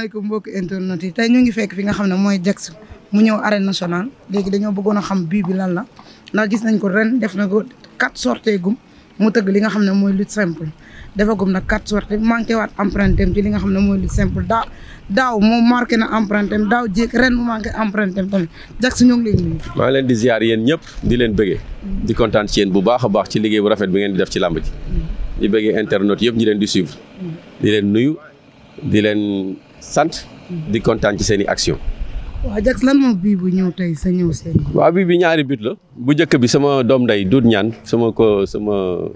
asalaamaaleykum mbokki internet yi tey ne mooy Jax mu ñëw arène nationale léegi dañoo bëggoon a xam bii bi lan la ndax gis nañ ko ren def na ko quatre sorties mu tëgg li nga xam ne mooy lutte simple defagum nag quatre sorties manqué waat empreinte am li nga xam ne mooy lutte simple daaw daaw moom marqué na empreinte am daaw jéeg ren mu manqué empreinte am tamit Jax ñoo ngi leen di ziar yéen ñëpp di leen bëggee. di kontaan ci bu baax a baax ci liggéey bu rafet bi ngeen di def ci làmb ji. di bëggee internet yëpp ñi leen di suivre. di leen nuyu di leen sant di kontaan ci seen i action waaw Jax lan bii bu ñëw tey sa ñëw bi ñaari but la bu njëkk bi sama doom nday duut ñaan sama ko sama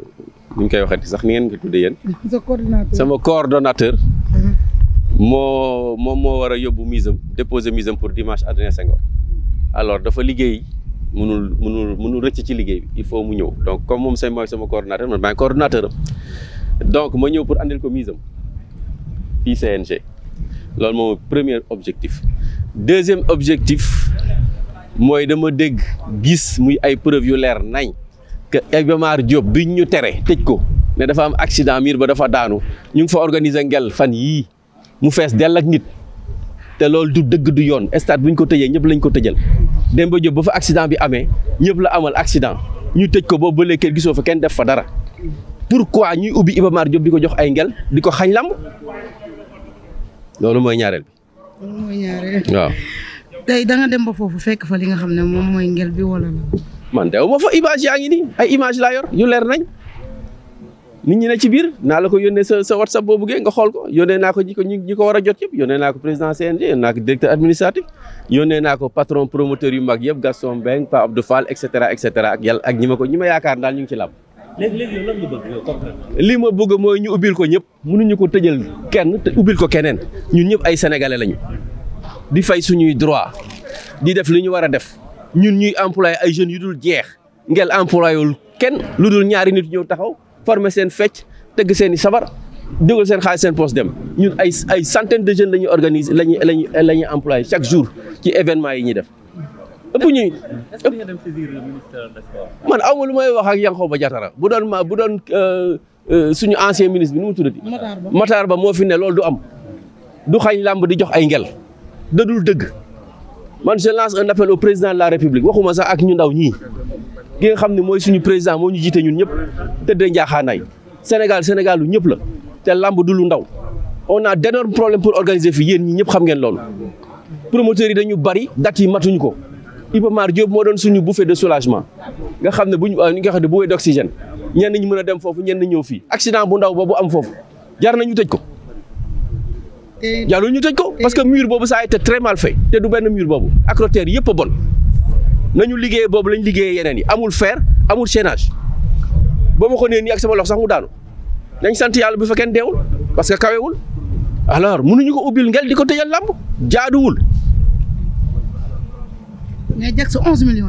ñu koy waxati sax ni ngeen ko tuddee yéen sama coordonnateur uh-huh. moo moom moo war a yóbbu mise am déposer pour dimanche Adrien sengo alors dafa liggéey mënul mënul mënul rëcc ci liggéey bi il faut mu ñëw donc comme moom say mooy sama coordonnateur man maay coordonnateur am donc ma ñëw pour andil ko mise am fii CNG loolu moom premier objectif deuxième objectif mooy dama dégg gis muy ay preuve yu leer nañ que Iba Mar Diop ñu teree tëj ko ne dafa am accident miir ba dafa daanu ñu ngi fa organiser ngel fan yii mu fees dell ak nit te loolu du dëgg du yoon stade bu ñu ko tëjee ñëpp lañ ko tëjal ba job ba fa accident bi amee ñëpp la amal accident ñu tëj ko boobu ba léegi gisoo fa kenn def fa dara pourquoi ñuy ubbi Iba Mar Diop di ko jox ay ngel di ko xañ lamb loolu mooy ñaareel bi. waaw. tey da nga dem ba foofu fekk fa li nga xam ne moom mooy ngel bi wala la. man de ma fa image yaa ngi nii ay image laa yor yu leer nañ. nit ñi a ci biir naa la ko yónnee sa sa whatsapp boo buggee nga xool ko yónnee naa ko ñi ko ñi ko war a jot yëpp yónnee naa ko président CNG yónnee naa ko directeur administratif yónnee naa ko patron promoteur yu mag yëpp Gaston Mbengue Pa Abdou Fall et cetera ak yàlla ak ñi ko ñi ma yaakaar naa ñu ngi ci làmb léegi léegi bëgg mooy ñu ubbil ko ñëpp mënuñu ko tëjal kenn te ubbil ko keneen ñun ñëpp ay sénégalais lañu di fay suñuy droit di def li ñu war a def ñun ñuy employé ay jeunes yu dul jeex ngeel ngel employéwul kenn lu dul ñaari nit ñëw taxaw former seen fecc teg seen i sabar dugal seen xaalis seen poste dem ñun ay ay centaine de jeunes la ñuy organiser la ñuy la ñuy employé chaque jour ci événement yi ñuy def. ëpp ñuy. dem ci biir ministère man aw lu may wax ak Yankhoba Diattara bu doon ma bu doon euh, euh, suñu ancien ministre bi nu mu tuddati. Matar Ba Ba moo fi ne loolu du am. du xañ làmb di jox ay ngel. dadul dëgg. man je un appel au président de la république waxuma sax ak ñu ndaw ñii. ki nga xam ne mooy suñu président moo ñu jiite ñun ñëpp tëddee njaaxaanaay Sénégal Sénégal sénégalu ñëpp la te làmb du lu ndaw on a problème pour organiser fii yéen ñi ñëpp xam ngeen loolu promoteurs yi dañu bari dates yi matuñu ko. Iba Mar Diop moo doon suñu bouffée de soulagement nga xam ne bu buñ nga xam ne bouffée d'oxygène ñenn ñi mën a dem foofu ñenn ñëw fii accident bu ndaw boobu am foofu jar nañu tëj ko. jàllu ñu tëj ko parce que mur boobu ça a été très mal fait te du benn mur boobu acrotère yëpp a bon nañu liggéeyee boobu lañ liggéeyee yeneen yi amul fer amul chaînage ba ma ko nee nii ak sama loxo sax mu daanu dañ sant yàlla bu fa kenn deewul parce que kawewul alors mënuñu ko ubbil ngel di ko tëjal làmb jaaduwul. mais Jackson 11 millions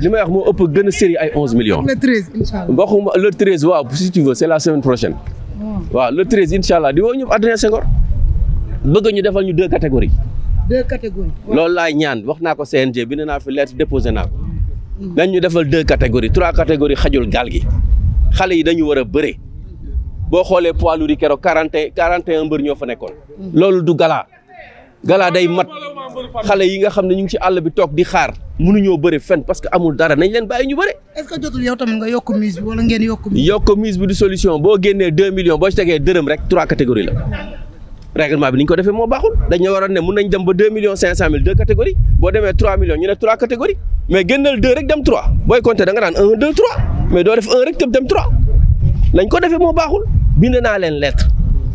li may wax moo ëpp gën a série ay 11 millions. le 13 incha allah c' est la semaine oh. le 13 incha allah di woo ñëpp Adrien Senghor bëgg ñu defal ñu deux catégories. deux catégories. laay ñaan wax naa ko CNG bind naa fi lettre déposé naa nañ ñu defal deux catégories trois catégories xajul gaal gi xale yi dañu war a bëre boo xoolee poids lourd yi keroog quarante quarante mbër ñoo fa nekkoon. Mm. loolu du gala. galaa day mat xale yi nga xam ne ñu ngi ci àll bi toog di xaar mënuñoo bëri fen parce que amul dara nañ leen yi ñu bëri. est-ce que jotul yow tamit nga yokk mise bi wala ngeen yokk. du solution boo génnee 2 millions boo ci tegee dërëm rek 3 catégories la règlement bi ni ko defee moo baaxul dañu waroon ne mën nañ dem ba 2 millions 500 mille 2 catégories boo demee 3 millions ñu ne 3 catégories mais génnal 2 rek dem 3 booy compter da nga naan 1 2 mais doo def 1 rek dem 3 lañ ko defee moo baaxul bind naa leen lettre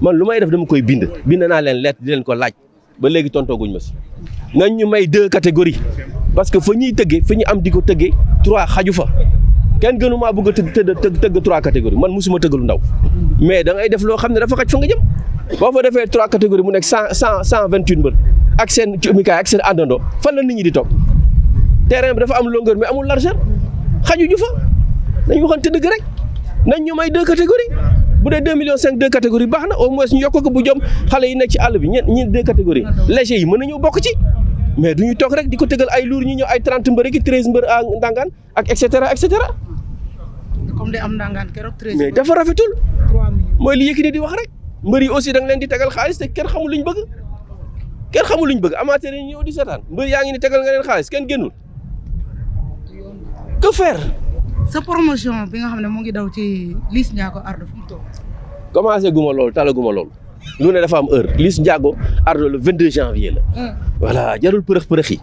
man lu may def dama koy bind bind naa leen lettre di leen ko laaj. ba léegi tontooguñ ma si nañ ñu may deux catégories parce que foo ñuy tëggee fa ñu am di ko tëggee trois xaju fa kenn gënu maa bëgg a tëgg tëgg trois catégories man musuma tëgg lu ndaw mais da def loo xam ne dafa xaj fa nga jëm boo fa defee trois catégories mu nekk cent cent cent vingt une mbër ak seen cumikaay ak seen àndandoo fan la nit ñi di toog terrain bi dafa am longueur mais amul largeur xajuñu fa nañ waxante dëgg rek nañ ñu may deux catégories bu dee deux millions cinq deux catégories baax na au moins ñu yokk ko bu jom xale yi nekk ci àll bi ñeent ñeent deux catégories léger yi mën nañu bokk ci mais du ñu toog rek di ko tëgal ay lourd ñu ñëw ay trente mbër ak treize mbër a ndangaan ak et cetera et am ndangaan keroog treize mais dafa rafetul. mooy li Yékini di wax rek mbër yi aussi da leen di tegal xaalis te kenn xamul ñu bëgg kenn xamul luñ bëgg amateur yi ñëw di seetaan mbër yaa ngi ni tegal nga leen xaalis kenn génnul sa promotion bi nga xam ne mu ngi daw ci Liss Ndiago Ardo fu mu toll. commencé guma loolu talaguma ne dafa am heure Liss Ndiago Ardo le 22 janvier la. Ah. voilà jarul përëx përëx yi.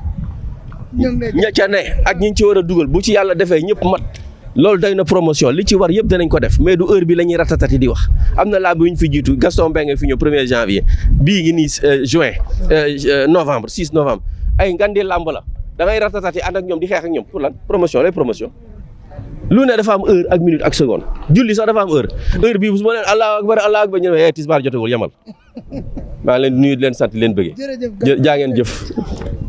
ña ca ne ak ñi ci war a dugal bu ci yàlla defee ñëpp mat. loolu day na promotion li ci war yëpp danañ ko def mais du heure bi la ñuy ratatati di wax am na làmb yu ñu fi jiitu Gaston Mbengue fi ñëw premier janvier bii ngi nii euh, juin euh, euh, novembre 6 novembre ay ngandi làmb la da ngay ratatati ñoom di xeex ak ñoom pour lan promotion lay lu ne dafa am heure ak minute ak seconde julli sax dafa am heure heure bii su ma leen allahu akbar allahu akbar ñu ne eh tisbaar jotewul yamal maa ngi leen di nuyu di leen sant leen bëggee. jërëjëf jaa ngeen jëf.